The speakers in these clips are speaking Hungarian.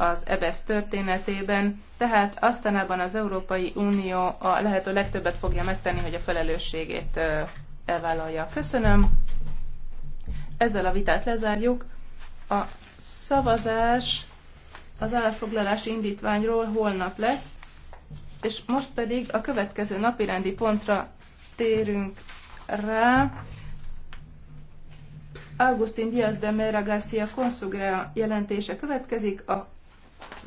az EBSZ e történetében, tehát aztánában az Európai Unió a lehető legtöbbet fogja megtenni, hogy a felelősségét elvállalja. Köszönöm. Ezzel a vitát lezárjuk. A szavazás az állásfoglalási indítványról holnap lesz, és most pedig a következő napirendi pontra térünk rá. Augustin Diaz de Mera Garcia Consugrea jelentése következik, a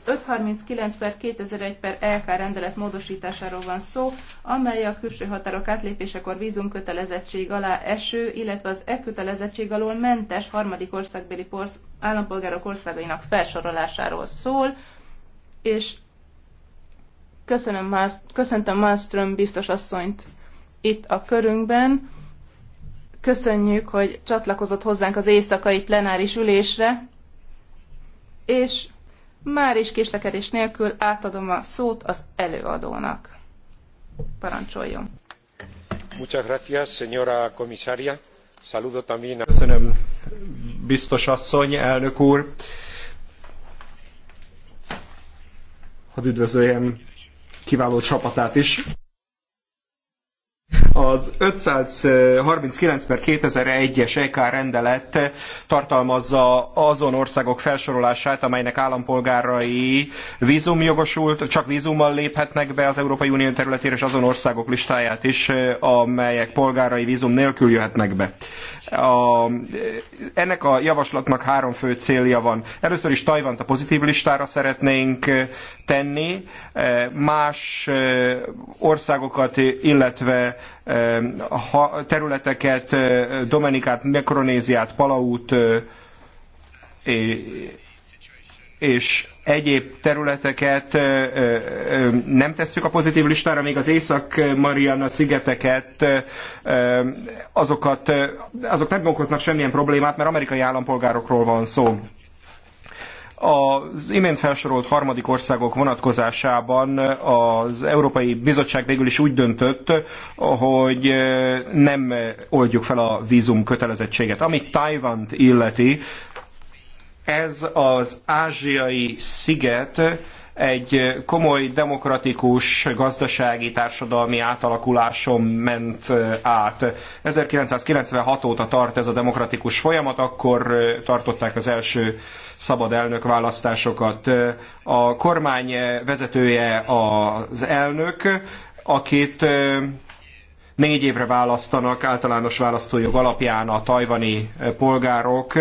539 per 2001 per LK e rendelet módosításáról van szó, amely a külső határok átlépésekor vízumkötelezettség alá eső, illetve az e kötelezettség alól mentes harmadik országbeli porsz- állampolgárok országainak felsorolásáról szól, és köszönöm Marst- köszöntöm Malmström biztos asszonyt itt a körünkben. Köszönjük, hogy csatlakozott hozzánk az éjszakai plenáris ülésre, és már is késlekedés nélkül átadom a szót az előadónak. Parancsoljon. Muchas gracias, señora comisaria. Saludo también a... Köszönöm, biztos asszony, elnök úr. Hadd üdvözöljem kiváló csapatát is. Az 539 per 2001-es EK rendelet tartalmazza azon országok felsorolását, amelynek állampolgárai vízumjogosult, csak vízummal léphetnek be az Európai Unió területére, és azon országok listáját is, amelyek polgárai vízum nélkül jöhetnek be. A, ennek a javaslatnak három fő célja van. Először is Tajvant a pozitív listára szeretnénk tenni, más országokat, illetve területeket, Dominikát, Mikronéziát, Palaut és egyéb területeket nem tesszük a pozitív listára, még az Észak-Mariana szigeteket, azokat, azok nem okoznak semmilyen problémát, mert amerikai állampolgárokról van szó. Az imént felsorolt harmadik országok vonatkozásában az Európai Bizottság végül is úgy döntött, hogy nem oldjuk fel a vízum kötelezettséget. Ami Tajvant illeti, ez az ázsiai sziget, egy komoly demokratikus gazdasági társadalmi átalakuláson ment át. 1996 óta tart ez a demokratikus folyamat, akkor tartották az első szabad elnök választásokat. A kormány vezetője az elnök, akit négy évre választanak általános választójog alapján a tajvani eh, polgárok.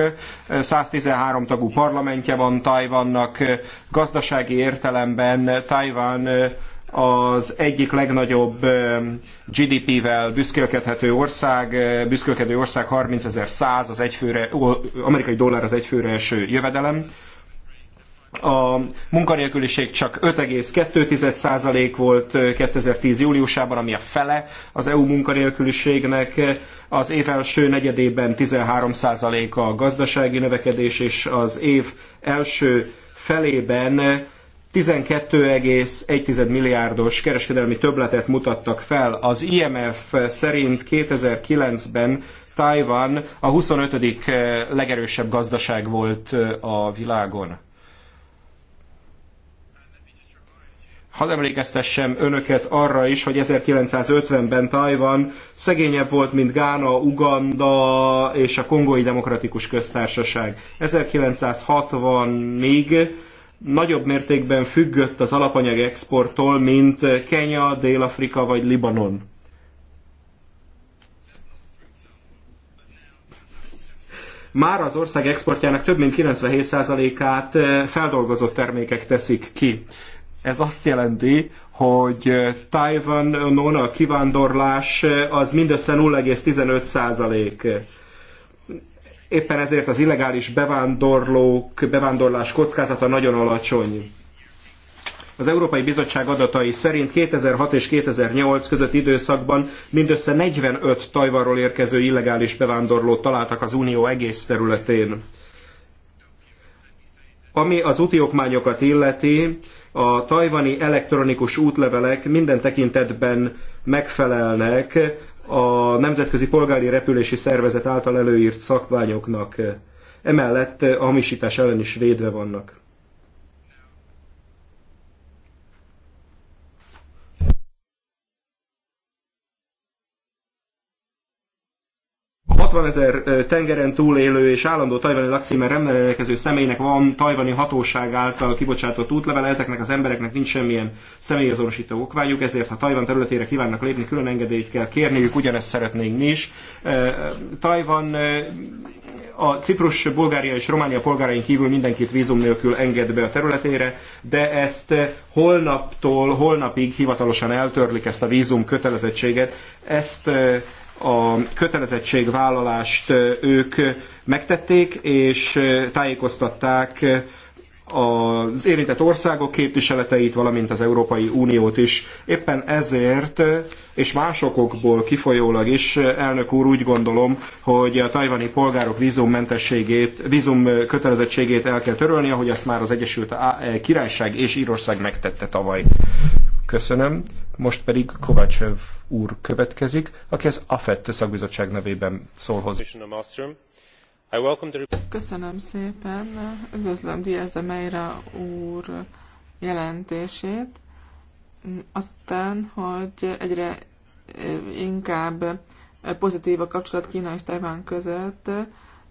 113 eh, tagú parlamentje van Tajvannak, eh, gazdasági értelemben Tajvan az egyik legnagyobb GDP-vel büszkélkedhető ország, büszkélkedő ország 30 ezer száz, az egyfőre, amerikai dollár az egyfőre eső jövedelem a munkanélküliség csak 5,2% volt 2010. júliusában, ami a fele az EU munkanélküliségnek. Az év első negyedében 13% a gazdasági növekedés, és az év első felében 12,1 milliárdos kereskedelmi többletet mutattak fel. Az IMF szerint 2009-ben Tajvan a 25. legerősebb gazdaság volt a világon. Hadd emlékeztessem önöket arra is, hogy 1950-ben Tajvan szegényebb volt, mint Gána, Uganda és a Kongói Demokratikus Köztársaság. 1960-ig nagyobb mértékben függött az alapanyag exporttól, mint Kenya, Dél-Afrika vagy Libanon. Már az ország exportjának több mint 97%-át eh, feldolgozott termékek teszik ki. Ez azt jelenti, hogy Taiwanon a kivándorlás az mindössze 0,15 százalék. Éppen ezért az illegális bevándorlók, bevándorlás kockázata nagyon alacsony. Az Európai Bizottság adatai szerint 2006 és 2008 közötti időszakban mindössze 45 Tajvarról érkező illegális bevándorlót találtak az Unió egész területén. Ami az úti illeti, a tajvani elektronikus útlevelek minden tekintetben megfelelnek a Nemzetközi Polgári Repülési Szervezet által előírt szakványoknak. Emellett a hamisítás ellen is védve vannak. 60 ezer tengeren túlélő és állandó tajvani lakcímen rendelkező személynek van tajvani hatóság által kibocsátott útlevele, ezeknek az embereknek nincs semmilyen személyazonosító okványuk, ezért ha Tajvan területére kívánnak lépni, külön engedélyt kell kérniük, ugyanezt szeretnénk mi is. Tajvan a Ciprus, Bulgária és Románia polgárain kívül mindenkit vízum nélkül enged be a területére, de ezt holnaptól holnapig hivatalosan eltörlik ezt a vízum kötelezettséget. Ezt a kötelezettségvállalást ők megtették, és tájékoztatták az érintett országok képviseleteit, valamint az Európai Uniót is. Éppen ezért, és más okokból kifolyólag is, elnök úr úgy gondolom, hogy a tajvani polgárok vízummentességét, vízum kötelezettségét el kell törölni, ahogy azt már az Egyesült Királyság és Írország megtette tavaly. Köszönöm. Most pedig Kovácsev úr következik, aki az AFET szakbizottság nevében szól hozzá. Köszönöm szépen. Üdvözlöm Diaz de Meira úr jelentését. Aztán, hogy egyre inkább pozitív a kapcsolat Kína és Tajván között,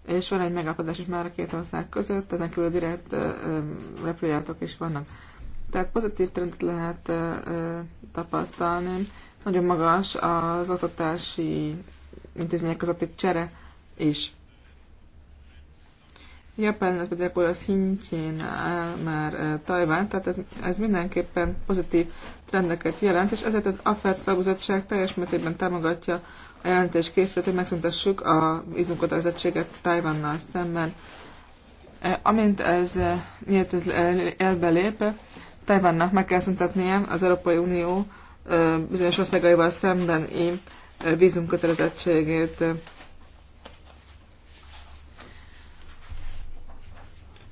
és van egy megállapodás is már a két ország között, ezen kívül direkt repülőjáratok is vannak. Tehát pozitív trendet lehet tapasztalni. Nagyon magas az oktatási intézmények közötti csere is. Japán, illetve gyakorlatilag az hintjén áll már Tajván, tehát ez, ez mindenképpen pozitív trendeket jelent, és ezért az AFET szakbizottság teljes mértékben támogatja a jelentés készítőt, hogy megszüntessük a vízunkotelezettséget Tajvannal szemben. E, amint ez, miért ez elbelép, Tajvannak meg kell szüntetnie az Európai Unió bizonyos országaival szembeni vízumkötelezettségét.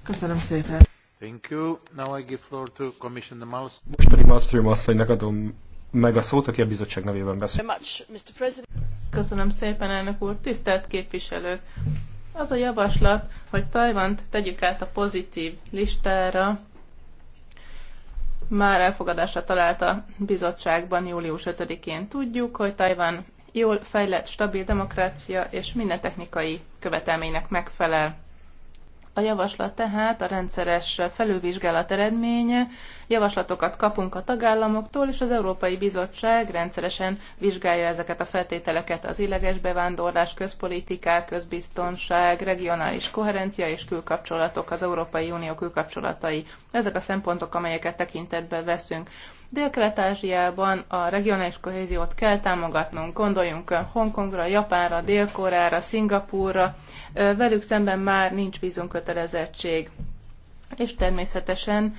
Köszönöm szépen. Thank you. Now I give floor to Commissioner Malmström. Most pedig Malmström asszonynak adom meg a szót, aki a bizottság nevében beszél. Köszönöm szépen, elnök úr. Tisztelt képviselők! Az a javaslat, hogy Tajvant tegyük át a pozitív listára, már elfogadásra talált a bizottságban július 5-én. Tudjuk, hogy Tajvan jól fejlett, stabil demokrácia és minden technikai követelménynek megfelel. A javaslat tehát a rendszeres felülvizsgálat eredménye, javaslatokat kapunk a tagállamoktól, és az Európai Bizottság rendszeresen vizsgálja ezeket a feltételeket az illeges bevándorlás, közpolitikák, közbiztonság, regionális koherencia és külkapcsolatok, az Európai Unió külkapcsolatai. Ezek a szempontok, amelyeket tekintetbe veszünk. Dél-Kelet-Ázsiában a regionális kohéziót kell támogatnunk. Gondoljunk Hongkongra, Japánra, Dél-Koreára, Szingapúrra. Velük szemben már nincs vízunkötelezettség. És természetesen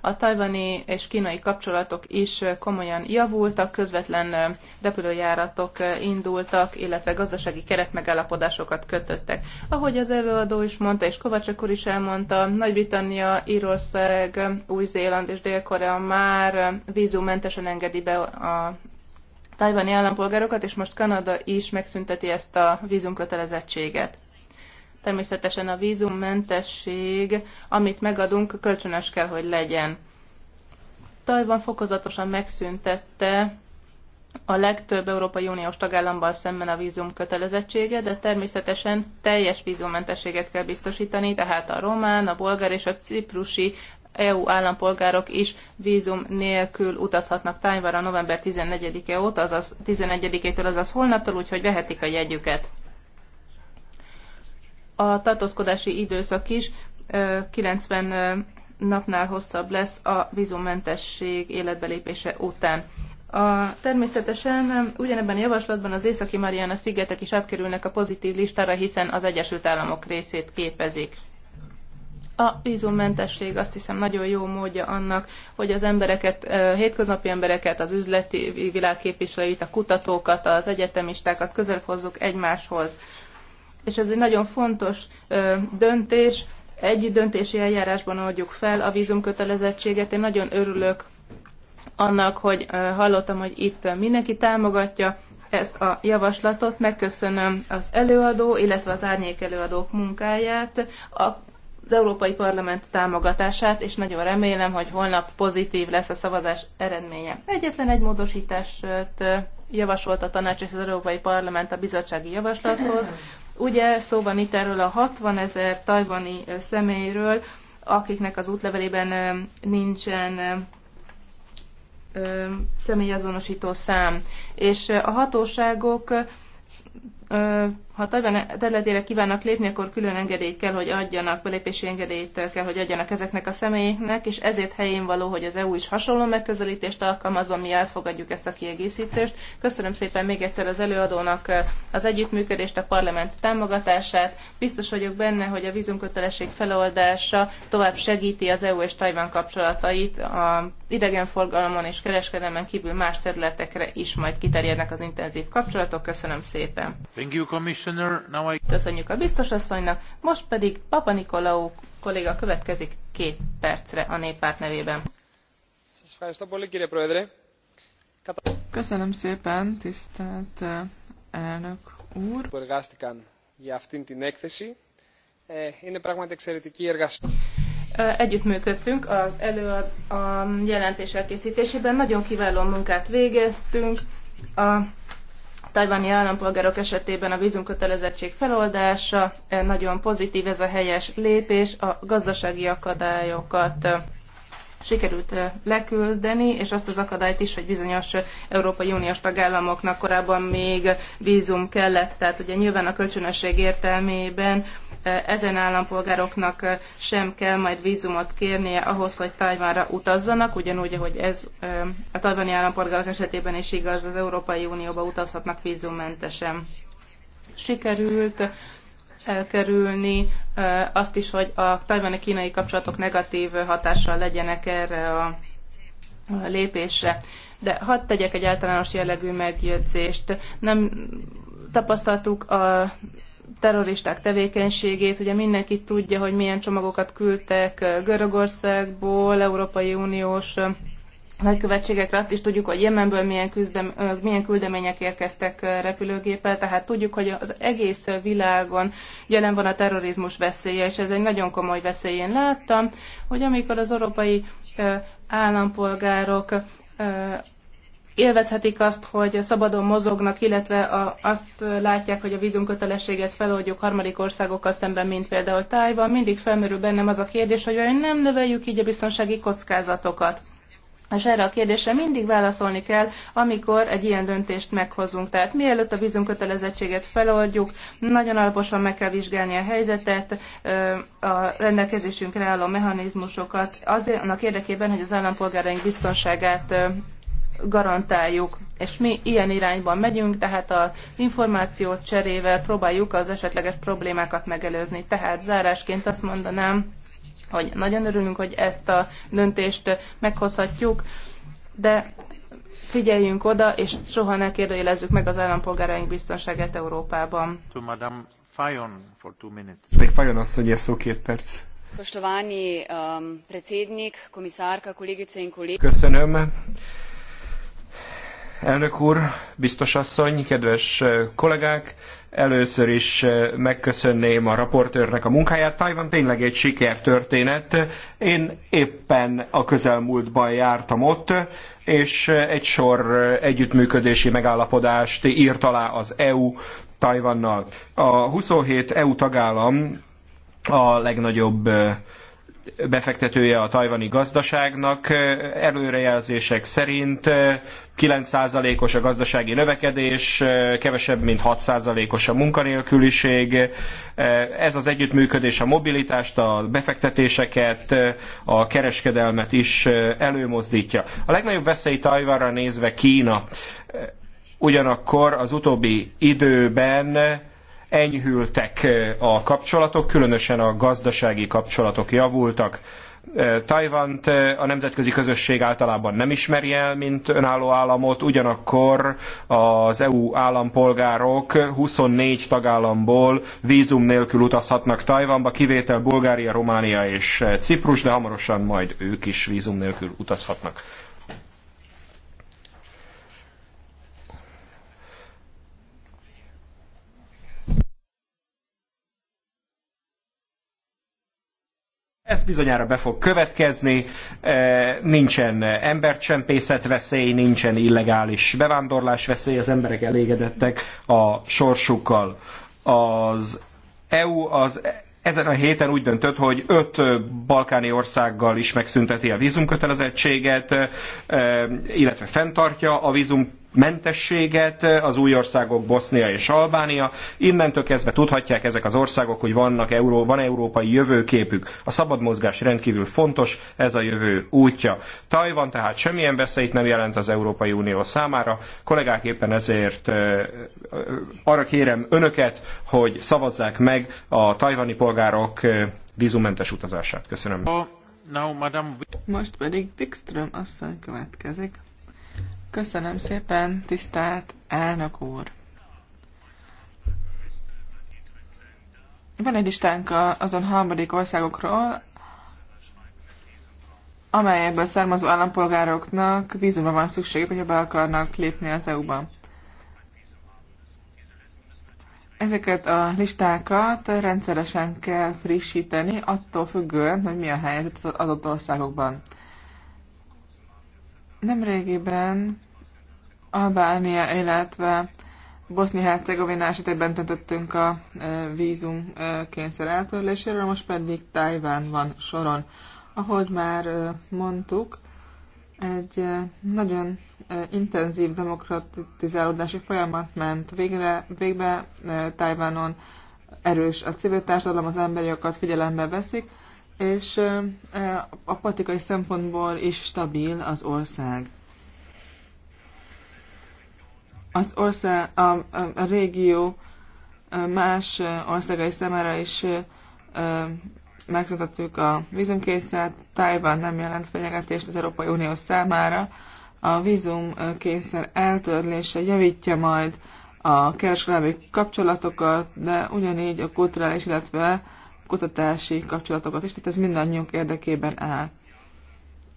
a tajvani és kínai kapcsolatok is komolyan javultak, közvetlen repülőjáratok indultak, illetve gazdasági keretmegállapodásokat kötöttek. Ahogy az előadó is mondta, és Kovács akkor is elmondta, Nagy-Britannia, Írország, Új-Zéland és Dél-Korea már vízummentesen engedi be a tajvani állampolgárokat, és most Kanada is megszünteti ezt a vízumkötelezettséget. Természetesen a vízummentesség, amit megadunk, kölcsönös kell, hogy legyen. Tajvan fokozatosan megszüntette a legtöbb Európai Uniós tagállamban szemben a vízum kötelezettsége, de természetesen teljes vízummentességet kell biztosítani, tehát a román, a bolgár és a ciprusi EU állampolgárok is vízum nélkül utazhatnak Tájvára november 14-e óta, azaz 11-től, azaz holnaptól, úgyhogy vehetik a jegyüket a tartózkodási időszak is 90 napnál hosszabb lesz a vízummentesség életbelépése után. A, természetesen ugyanebben a javaslatban az északi Mariana szigetek is átkerülnek a pozitív listára, hiszen az Egyesült Államok részét képezik. A vízummentesség azt hiszem nagyon jó módja annak, hogy az embereket, hétköznapi embereket, az üzleti világképviselőit, a kutatókat, az egyetemistákat közel hozzuk egymáshoz és ez egy nagyon fontos döntés. Egy döntési eljárásban oldjuk fel a vízumkötelezettséget. Én nagyon örülök annak, hogy hallottam, hogy itt mindenki támogatja ezt a javaslatot. Megköszönöm az előadó, illetve az árnyék előadók munkáját, az Európai Parlament támogatását, és nagyon remélem, hogy holnap pozitív lesz a szavazás eredménye. Egyetlen egy módosítást javasolt a tanács és az Európai Parlament a bizottsági javaslathoz, Ugye szó van itt erről a 60 ezer tajvani személyről, akiknek az útlevelében nincsen személyazonosító szám. És a hatóságok ha Tajvan területére kívánnak lépni, akkor külön engedélyt kell, hogy adjanak, belépési engedélyt kell, hogy adjanak ezeknek a személyeknek, és ezért helyén való, hogy az EU is hasonló megközelítést alkalmazom, mi elfogadjuk ezt a kiegészítést. Köszönöm szépen még egyszer az előadónak az együttműködést, a parlament támogatását. Biztos vagyok benne, hogy a vízumkötelesség feloldása tovább segíti az EU és Tajvan kapcsolatait a idegenforgalomon és kereskedelmen kívül más területekre is majd kiterjednek az intenzív kapcsolatok. Köszönöm szépen. Thank you, Commission. Köszönjük a biztos asszonynak, most pedig Papa Nikolaou kolléga következik két percre a néppárt nevében. Köszönöm szépen, tisztelt eh, elnök úr. Együttműködtünk az elő a, a jelentés elkészítésében, nagyon kiváló munkát végeztünk. A tajvani állampolgárok esetében a vízumkötelezettség feloldása, eh, nagyon pozitív ez a helyes lépés, a gazdasági akadályokat eh, sikerült leküzdeni, és azt az akadályt is, hogy bizonyos Európai Uniós tagállamoknak korábban még vízum kellett. Tehát ugye nyilván a kölcsönösség értelmében ezen állampolgároknak sem kell majd vízumot kérnie ahhoz, hogy Tajvánra utazzanak, ugyanúgy, ahogy ez a tajvani állampolgárok esetében is igaz, az Európai Unióba utazhatnak vízummentesen. Sikerült elkerülni azt is, hogy a tajvani-kínai kapcsolatok negatív hatással legyenek erre a lépésre. De hadd tegyek egy általános jellegű megjegyzést. Nem tapasztaltuk a terroristák tevékenységét. Ugye mindenki tudja, hogy milyen csomagokat küldtek Görögországból, Európai Uniós nagykövetségekre azt is tudjuk, hogy Jemenből milyen, küzdem, milyen küldemények érkeztek repülőgéppel, tehát tudjuk, hogy az egész világon jelen van a terrorizmus veszélye, és ez egy nagyon komoly veszély. Én láttam, hogy amikor az európai állampolgárok élvezhetik azt, hogy szabadon mozognak, illetve azt látják, hogy a vízumkötelességet feloldjuk harmadik országokkal szemben, mint például Tájban, mindig felmerül bennem az a kérdés, hogy vajon nem növeljük így a biztonsági kockázatokat és erre a kérdésre mindig válaszolni kell, amikor egy ilyen döntést meghozunk. Tehát mielőtt a vízumkötelezettséget feloldjuk, nagyon alaposan meg kell vizsgálni a helyzetet, a rendelkezésünkre álló mechanizmusokat, azért, annak érdekében, hogy az állampolgáraink biztonságát garantáljuk. És mi ilyen irányban megyünk, tehát a információt cserével próbáljuk az esetleges problémákat megelőzni. Tehát zárásként azt mondanám, hogy nagyon örülünk, hogy ezt a döntést meghozhatjuk, de figyeljünk oda, és soha ne kérdőjelezzük meg az állampolgáraink biztonságát Európában. To Madame Fajon for two minutes. Fajon asszony, szó két perc. Um, Köszönöm, predsednik, komisárka, kollégice in Köszönöm. Elnök úr, biztos asszony, kedves eh, kollégák, először is eh, megköszönném a raportőrnek a munkáját. Tajvan tényleg egy sikertörténet. Én éppen a közelmúltban jártam ott, és eh, egy sor együttműködési megállapodást írt alá az EU Tajvannal. A 27 EU tagállam a legnagyobb befektetője a tajvani gazdaságnak. Előrejelzések szerint 9%-os a gazdasági növekedés, kevesebb, mint 6%-os a munkanélküliség. Ez az együttműködés a mobilitást, a befektetéseket, a kereskedelmet is előmozdítja. A legnagyobb veszély Tajvanra nézve Kína. Ugyanakkor az utóbbi időben enyhültek a kapcsolatok, különösen a gazdasági kapcsolatok javultak. Tajvant a nemzetközi közösség általában nem ismeri el, mint önálló államot, ugyanakkor az EU állampolgárok 24 tagállamból vízum nélkül utazhatnak Tajvanba, kivétel Bulgária, Románia és Ciprus, de hamarosan majd ők is vízum nélkül utazhatnak. ez bizonyára be fog következni, e, nincsen embercsempészet veszély, nincsen illegális bevándorlás veszély, az emberek elégedettek a sorsukkal. Az EU az e- ezen a héten úgy döntött, hogy öt balkáni országgal is megszünteti a vízumkötelezettséget, e, illetve fenntartja a vízum mentességet, eh, az új országok Bosznia és Albánia. Innentől kezdve tudhatják ezek az országok, hogy vannak Euró, van európai jövőképük. A szabad mozgás rendkívül fontos, ez a jövő útja. Tajvan tehát semmilyen veszélyt nem jelent az Európai Unió számára. Kollégák éppen ezért eh, eh, arra kérem önöket, hogy szavazzák meg a tajvani polgárok vízumentes utazását. Köszönöm. Most pedig Wikström asszony következik. Köszönöm szépen, tisztelt elnök úr! Van egy listánk azon harmadik országokról, amelyekből származó állampolgároknak vízumra van szükségük, hogyha be akarnak lépni az EU-ba. Ezeket a listákat rendszeresen kell frissíteni, attól függően, hogy mi a helyzet az adott országokban. Nemrégiben Albánia, illetve Bosznia-Hercegovina esetében döntöttünk a e, vízum e, kényszer eltörléséről, most pedig Tajván van soron. Ahogy már e, mondtuk, egy nagyon intenzív demokratizálódási folyamat ment végre, végbe Tajvánon, erős a civil társadalom, az emberi jogokat figyelembe veszik, és a politikai szempontból is stabil az ország az ország, a, a, a régió más országai szemére is megmutattuk a vízumkényszert, Tájban nem jelent fenyegetést az Európai Unió számára. A vízumkényszer eltörlése javítja majd a kereskedelmi kapcsolatokat, de ugyanígy a kulturális, illetve kutatási kapcsolatokat is, tehát ez mindannyiunk érdekében áll.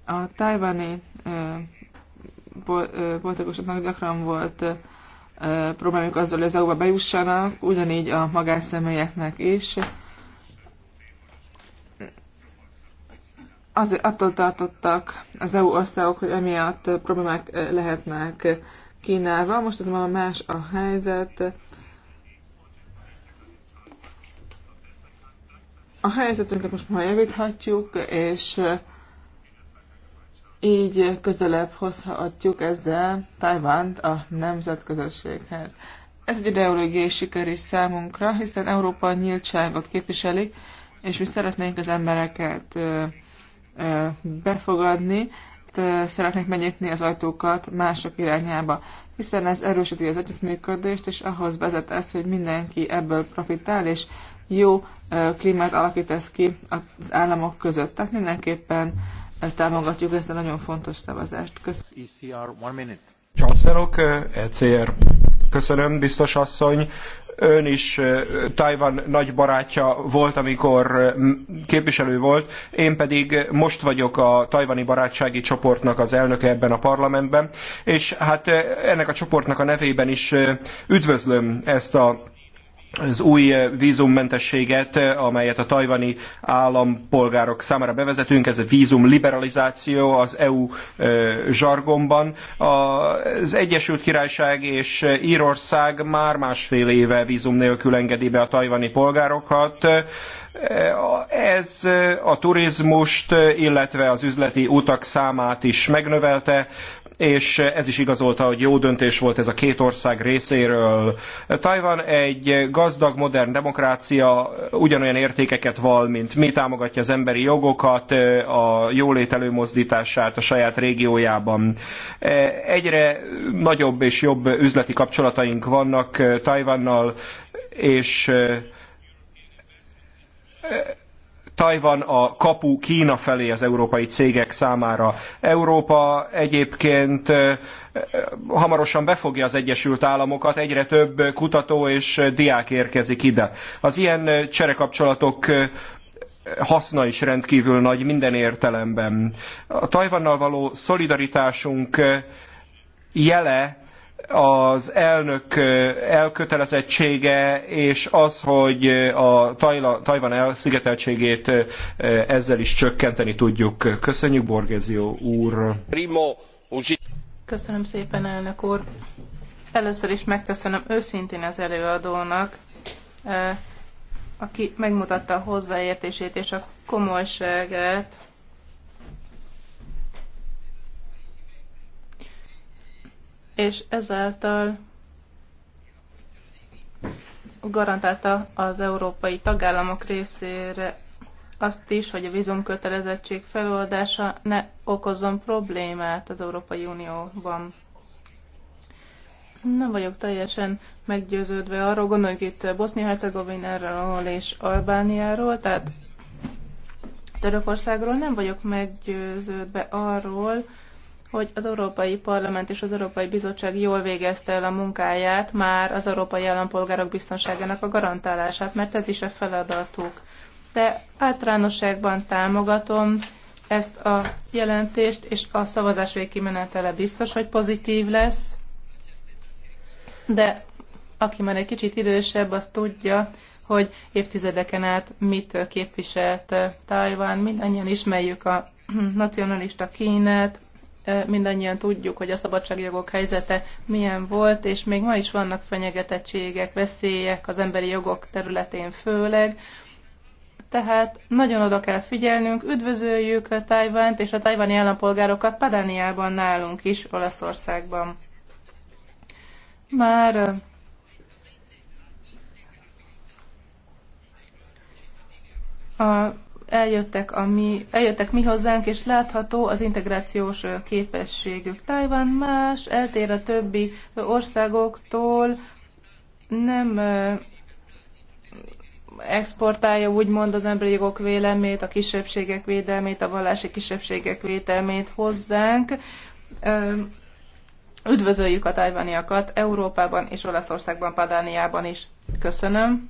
A tájvani politikusoknak gyakran volt problémák azzal, hogy az EU-ba bejussanak, ugyanígy a magánszemélyeknek is. Azért attól tartottak az EU országok, hogy emiatt problémák lehetnek Kínával. Most azonban más a helyzet. A helyzetünket most már javíthatjuk, és így közelebb hozhatjuk ezzel Tajvánt a nemzetközösséghez. Ez egy ideológiai siker is számunkra, hiszen Európa nyíltságot képviseli, és mi szeretnénk az embereket befogadni, szeretnénk megnyitni az ajtókat mások irányába, hiszen ez erősíti az együttműködést, és ahhoz vezet ez, hogy mindenki ebből profitál, és jó klímát alakít ez ki az államok között. Tehát mindenképpen támogatjuk ezt a nagyon fontos szavazást. Köszönöm. ECR. Eh, e Köszönöm, biztos asszony. Ön is eh, Tajvan nagy barátja volt, amikor eh, képviselő volt, én pedig most vagyok a tajvani barátsági csoportnak az elnöke ebben a parlamentben, és hát ennek a csoportnak a nevében is üdvözlöm ezt a az új eh, vízummentességet, eh, amelyet a tajvani állampolgárok számára bevezetünk, ez a vízum liberalizáció az EU eh, zsargonban. Az Egyesült Királyság és Írország már másfél éve vízum nélkül engedi be a tajvani polgárokat. Ez a turizmust, illetve az üzleti utak számát is megnövelte, és ez is igazolta, hogy jó döntés volt ez a két ország részéről. Tajvan egy gazdag, modern demokrácia, ugyanolyan értékeket val, mint mi, támogatja az emberi jogokat, a jólét előmozdítását a saját régiójában. Egyre nagyobb és jobb üzleti kapcsolataink vannak Tajvannal, és Tajvan a kapu Kína felé az európai cégek számára. Európa egyébként hamarosan befogja az Egyesült Államokat, egyre több kutató és diák érkezik ide. Az ilyen cserekapcsolatok haszna is rendkívül nagy minden értelemben. A Tajvannal való szolidaritásunk jele az elnök elkötelezettsége, és az, hogy a Tajvan elszigeteltségét ezzel is csökkenteni tudjuk. Köszönjük, Borgezio úr! Köszönöm szépen, elnök úr! Először is megköszönöm őszintén az előadónak, aki megmutatta a hozzáértését és a komolyságát és ezáltal garantálta az európai tagállamok részére azt is, hogy a vízumkötelezettség feloldása ne okozzon problémát az Európai Unióban. Nem vagyok teljesen meggyőződve arról, gondoljuk itt Bosznia-Hercegovináról és Albániáról, tehát Törökországról nem vagyok meggyőződve arról, hogy az Európai Parlament és az Európai Bizottság jól végezte el a munkáját, már az európai állampolgárok biztonságának a garantálását, mert ez is a feladatuk. De általánosságban támogatom ezt a jelentést, és a szavazás végkimenetele biztos, hogy pozitív lesz, de aki már egy kicsit idősebb, az tudja, hogy évtizedeken át mit képviselt Tajvan. Mindannyian ismerjük a nacionalista Kínát, mindannyian tudjuk, hogy a szabadságjogok helyzete milyen volt, és még ma is vannak fenyegetettségek, veszélyek az emberi jogok területén főleg. Tehát nagyon oda kell figyelnünk, üdvözöljük a Tajvánt és a tajvani állampolgárokat Padániában nálunk is, Olaszországban. Már a eljöttek, a mi, eljöttek mi hozzánk, és látható az integrációs képességük. Tajvan más, eltér a többi országoktól, nem exportálja úgymond az emberi jogok vélemét, a kisebbségek védelmét, a vallási kisebbségek védelmét hozzánk. Üdvözöljük a tajvaniakat Európában és Olaszországban, Padániában is. Köszönöm.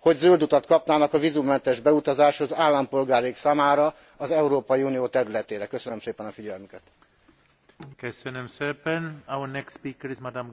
hogy zöld utat kapnának a vzummentes beutazáshoz állampolgáraik számára az európai unió területére. köszönöm szépen a figyelmüket. Köszönöm szépen. next speaker is Madame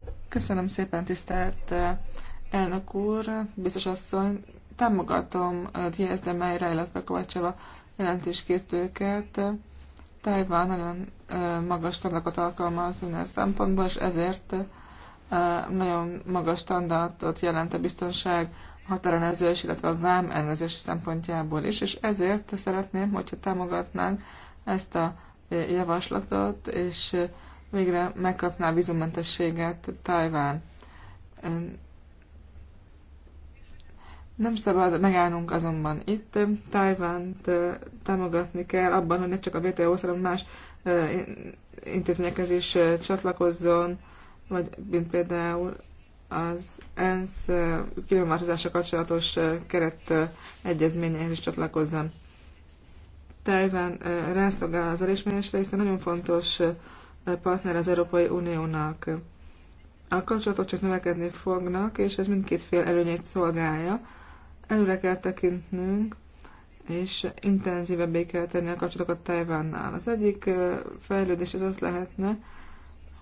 Köszönöm szépen, tisztelt elnök úr, biztos asszony. Támogatom Diaz de Meira, illetve Kovácseva jelentéskészítőket. Tajván nagyon magas standardokat alkalmaz minden szempontból, és ezért nagyon magas standardot jelent a biztonság határellenőrzés, illetve a vám ellenőrzés szempontjából is, és ezért szeretném, hogyha támogatnánk ezt a javaslatot, és végre megkapná a vízumentességet Tajván. Nem szabad megállnunk azonban itt. Tajvánt támogatni kell abban, hogy ne csak a WTO-hoz, hanem más intézményekhez is csatlakozzon, vagy mint például az ENSZ klímaváltozása kapcsolatos keret egyezményehez is csatlakozzon. Tajván rászolgál az elismerésre, hiszen nagyon fontos partner az Európai Uniónak. A kapcsolatok csak növekedni fognak, és ez mindkét fél előnyét szolgálja. Előre kell tekintnünk, és intenzívebbé kell tenni a kapcsolatokat Tajvánnál. Az egyik fejlődés az az lehetne,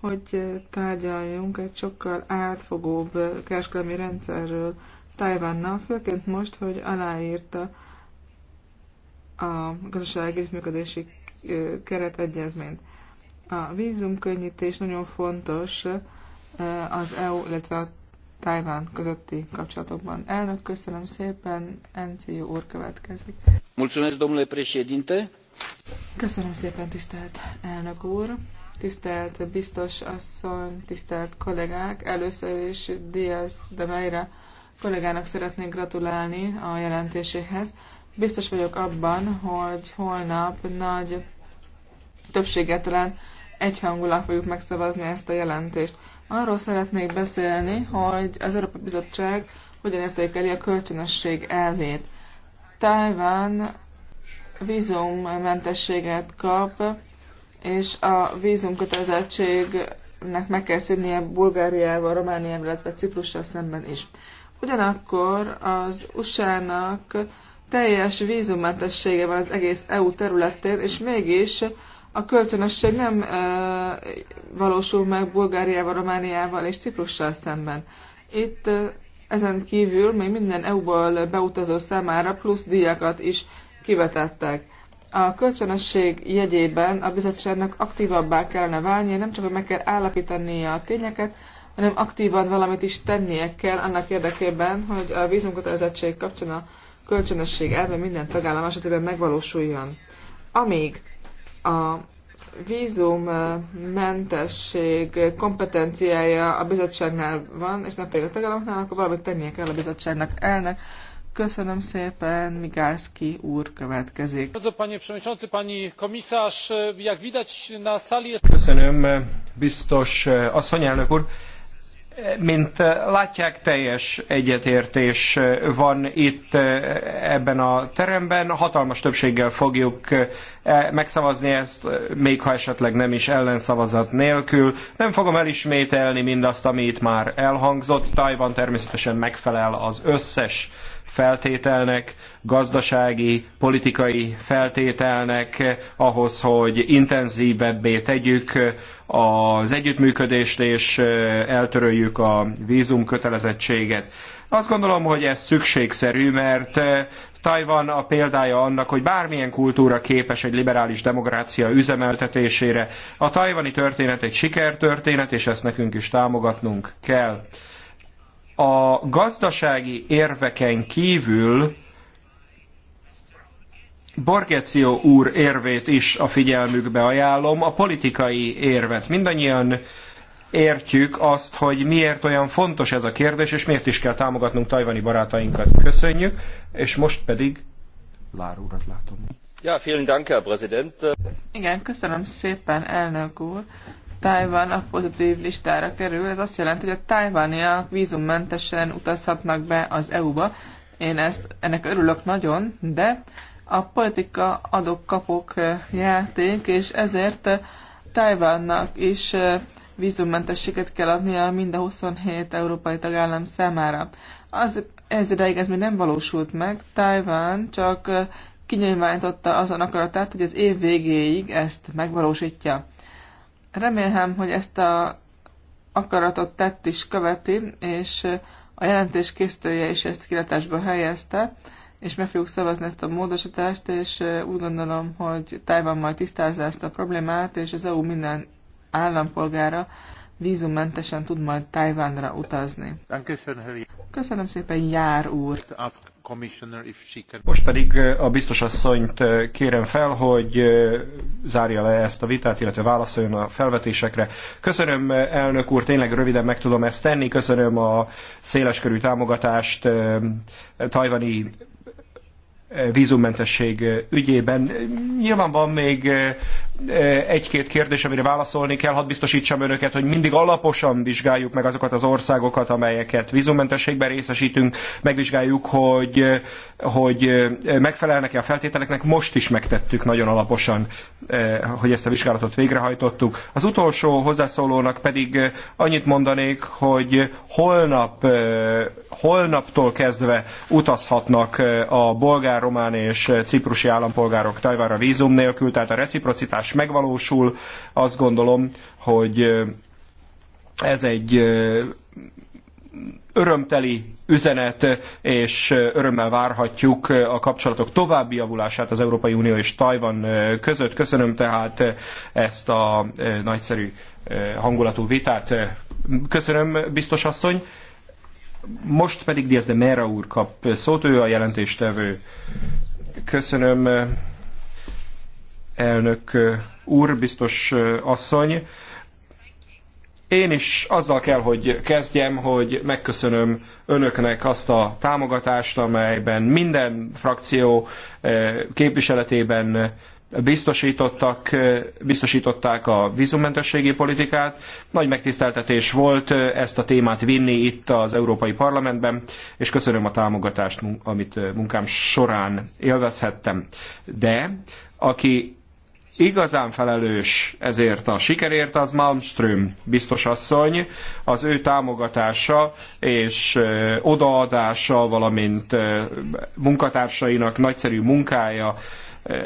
hogy tárgyaljunk egy sokkal átfogóbb kereskedelmi rendszerről Tajvánnal, főként most, hogy aláírta a gazdasági működési keretegyezményt. A vízumkönnyítés nagyon fontos eh, az EU, illetve a Tájván közötti kapcsolatokban. Elnök, köszönöm szépen, NCU úr következik. Mulțumesc, domnule președinte. Köszönöm szépen, tisztelt elnök úr, tisztelt biztos asszony, tisztelt kollégák. Először is Diaz de Meire kollégának szeretnék gratulálni a jelentéséhez. Biztos vagyok abban, hogy holnap nagy többséget talán egyhangulag fogjuk megszavazni ezt a jelentést. Arról szeretnék beszélni, hogy az Európai Bizottság hogyan értékeli a kölcsönösség elvét. Tájván vízummentességet kap, és a vízumkötelezettségnek meg kell szűnnie Bulgáriával, Romániával, illetve Ciprussal szemben is. Ugyanakkor az USA-nak teljes vízummentessége van az egész EU területén, és mégis a kölcsönösség nem valósul meg Bulgáriával, Romániával és Ciprussal szemben. Itt ezen kívül még minden EU-ból beutazó számára plusz díjakat is kivetettek. A kölcsönösség jegyében a bizottságnak aktívabbá kellene válnia, nem csak, hogy meg kell állapítania a tényeket, hanem aktívan valamit is tennie kell annak érdekében, hogy a vízumkötelezettség kapcsán a kölcsönösség elve minden tagállam esetében megvalósuljon. Amíg a vízummentesség kompetenciája a bizottságnál van, és nem pedig a tagállamoknál, akkor valamit tennie kell a bizottságnak elnek. Köszönöm szépen, Migálszki úr következik. Köszönöm, biztos eh, asszonyelnök úr. Mint eh, látják, teljes egyetértés eh, van itt eh, ebben a teremben. Hatalmas többséggel fogjuk e, megszavazni ezt, még ha esetleg nem is ellenszavazat nélkül. Nem fogom elismételni mindazt, ami itt már elhangzott. Tajvan természetesen megfelel az összes feltételnek, gazdasági, politikai feltételnek ahhoz, hogy intenzívebbé tegyük az együttműködést és eltöröljük a vízum kötelezettséget. Azt gondolom, hogy ez szükségszerű, mert Tajvan a példája annak, hogy bármilyen kultúra képes egy liberális demokrácia üzemeltetésére. A tajvani történet egy sikertörténet, és ezt nekünk is támogatnunk kell a gazdasági érveken kívül Borgeció úr érvét is a figyelmükbe ajánlom, a politikai érvet. Mindannyian értjük azt, hogy miért olyan fontos ez a kérdés, és miért is kell támogatnunk tajvani barátainkat. Köszönjük, és most pedig Lár urat látom. Ja, vielen Dank, Herr Präsident. Igen, köszönöm szépen, elnök úr. Tájván a pozitív listára kerül. Ez azt jelenti, hogy a tájvániak vízummentesen utazhatnak be az EU-ba. Én ezt, ennek örülök nagyon, de a politika adok-kapok eh, játék, és ezért eh, Tájvánnak is eh, vízummentességet kell adnia mind a 27 európai tagállam számára. Az, ez ideig ez még nem valósult meg. Tájván csak kinyilvánította azon akaratát, hogy az év végéig ezt megvalósítja. Remélem, hogy ezt a akaratot tett is követi, és a jelentés készítője is ezt kiratásba helyezte, és meg fogjuk szavazni ezt a módosítást, és úgy gondolom, hogy Tájvan majd tisztázza ezt a problémát, és az EU minden állampolgára vízummentesen tud majd Tajvánra utazni. Köszönöm szépen, Jár úr! Most pedig eh, a biztos asszonyt eh, kérem fel, hogy eh, zárja le ezt a vitát, illetve válaszoljon a felvetésekre. Köszönöm, elnök úr, tényleg röviden meg tudom ezt tenni. Köszönöm a széleskörű támogatást tajvani vízummentesség ügyében. Nyilván van még egy-két kérdés, amire válaszolni kell, hadd biztosítsam önöket, hogy mindig alaposan vizsgáljuk meg azokat az országokat, amelyeket vízummentességben részesítünk, megvizsgáljuk, hogy, hogy megfelelnek-e a feltételeknek. Most is megtettük nagyon alaposan, hogy ezt a vizsgálatot végrehajtottuk. Az utolsó hozzászólónak pedig annyit mondanék, hogy holnap, holnaptól kezdve utazhatnak a bolgár, román és ciprusi állampolgárok Tajvára vízum nélkül, tehát a reciprocitás változás megvalósul. Azt gondolom, hogy ez egy örömteli üzenet, és örömmel várhatjuk a kapcsolatok további javulását az Európai Unió és Tajvan között. Köszönöm tehát ezt a nagyszerű hangulatú vitát. Köszönöm, biztos asszony. Most pedig Diaz de Mera úr kap szót, ő a jelentéstevő. Köszönöm, elnök úr, biztos asszony. Én is azzal kell, hogy kezdjem, hogy megköszönöm önöknek azt a támogatást, amelyben minden frakció képviseletében biztosítottak, biztosították a vízummentességi politikát. Nagy megtiszteltetés volt ezt a témát vinni itt az Európai Parlamentben, és köszönöm a támogatást, amit munkám során élvezhettem. De aki igazán felelős ezért a sikerért az Malmström biztos asszony, az ő támogatása és odaadása, valamint munkatársainak nagyszerű munkája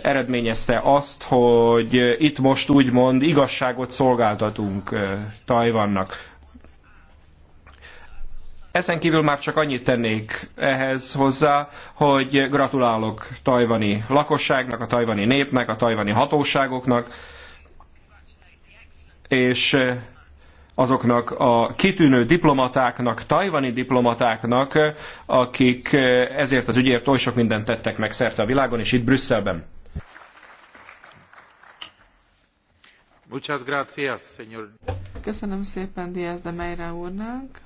eredményezte azt, hogy itt most úgymond igazságot szolgáltatunk Tajvannak. Ezen kívül már csak annyit tennék ehhez hozzá, hogy gratulálok tajvani lakosságnak, a tajvani népnek, a tajvani hatóságoknak, és eh, azoknak a kitűnő diplomatáknak, tajvani diplomatáknak, akik eh, ezért az ügyért oly sok mindent tettek meg szerte a világon, és itt Brüsszelben. Köszönöm szépen Diaz de Meira úrnak.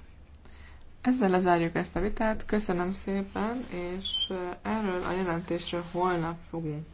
Ezzel lezárjuk ezt a vitát. Köszönöm szépen, és eh, erről a jelentésről holnap fogunk